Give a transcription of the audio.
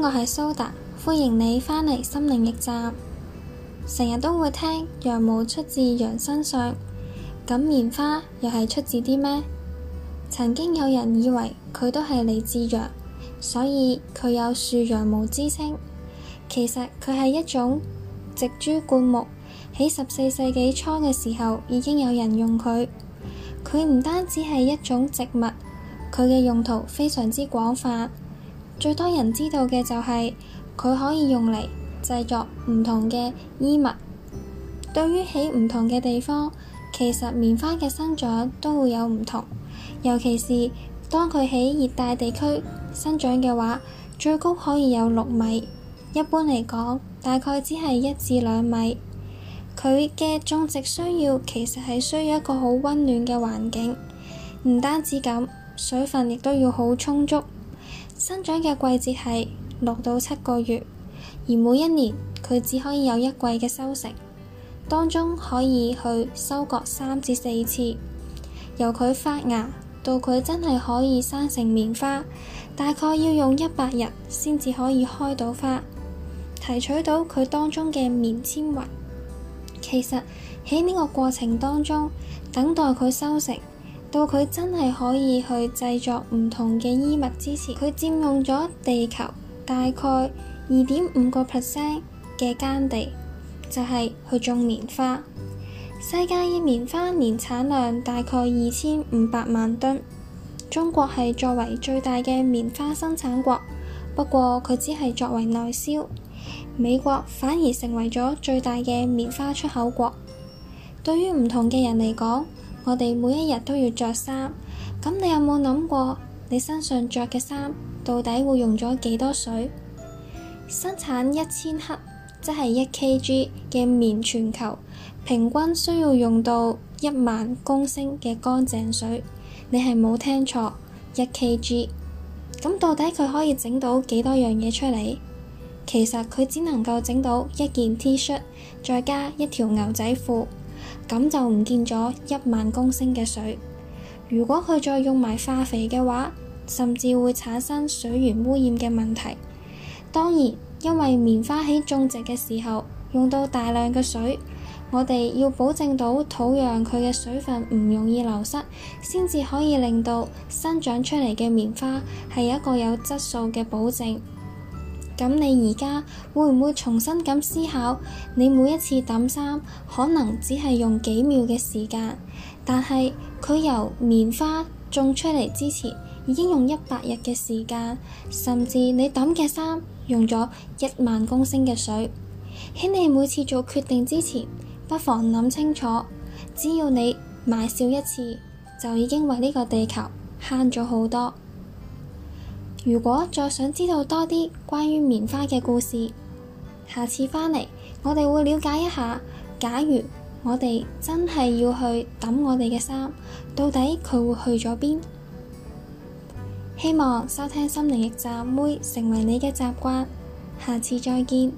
我係蘇達，歡迎你返嚟心靈驛站。成日都會聽羊毛出自羊身上，咁棉花又係出自啲咩？曾經有人以為佢都係嚟自羊，所以佢有樹羊毛之稱。其實佢係一種植株灌木，喺十四世紀初嘅時候已經有人用佢。佢唔單止係一種植物，佢嘅用途非常之廣泛。最多人知道嘅就係佢可以用嚟製作唔同嘅衣物。對於喺唔同嘅地方，其實棉花嘅生長都會有唔同。尤其是當佢喺熱帶地區生長嘅話，最高可以有六米。一般嚟講，大概只係一至兩米。佢嘅種植需要其實係需要一個好溫暖嘅環境，唔單止咁，水分亦都要好充足。生長嘅季節係六到七個月，而每一年佢只可以有一季嘅收成，當中可以去收割三至四次。由佢發芽到佢真係可以生成棉花，大概要用一百日先至可以開到花，提取到佢當中嘅棉纖維。其實喺呢個過程當中，等待佢收成。到佢真係可以去製作唔同嘅衣物之前，佢佔用咗地球大概二點五個 percent 嘅耕地，就係去種棉花。世界嘅棉花年產量大概二千五百萬噸，中國係作為最大嘅棉花生產國，不過佢只係作為內銷，美國反而成為咗最大嘅棉花出口國。對於唔同嘅人嚟講，我哋每一日都要着衫，咁你有冇諗過，你身上着嘅衫到底會用咗幾多水？生產一千克，即係一 kg 嘅棉，全球平均需要用到一萬公升嘅乾淨水。你係冇聽錯，一 kg。咁到底佢可以整到幾多樣嘢出嚟？其實佢只能夠整到一件 T 恤，再加一條牛仔褲。咁就唔見咗一萬公升嘅水。如果佢再用埋化肥嘅話，甚至會產生水源污染嘅問題。當然，因為棉花喺種植嘅時候用到大量嘅水，我哋要保證到土壤佢嘅水分唔容易流失，先至可以令到生長出嚟嘅棉花係一個有質素嘅保證。咁你而家會唔會重新咁思考？你每一次抌衫，可能只係用幾秒嘅時間，但係佢由棉花種出嚟之前，已經用一百日嘅時間，甚至你抌嘅衫用咗一萬公升嘅水。喺你每次做決定之前，不妨諗清楚，只要你買少一次，就已經為呢個地球慳咗好多。如果再想知道多啲關於棉花嘅故事，下次返嚟我哋會了解一下。假如我哋真係要去抌我哋嘅衫，到底佢會去咗邊？希望收聽心靈驛站會成為你嘅習慣，下次再見。